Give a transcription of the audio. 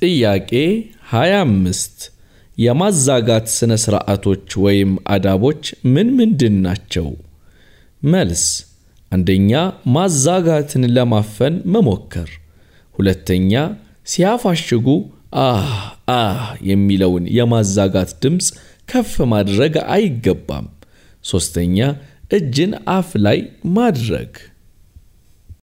ጥያቄ 25 የማዛጋት ሥነ ሥርዓቶች ወይም አዳቦች ምን ምንድን ናቸው? መልስ፣ አንደኛ ማዛጋትን ለማፈን መሞከር፣ ሁለተኛ ሲያፋሽጉ አህ አህ የሚለውን የማዛጋት ድምፅ ከፍ ማድረግ አይገባም፣ ሦስተኛ እጅን አፍ ላይ ማድረግ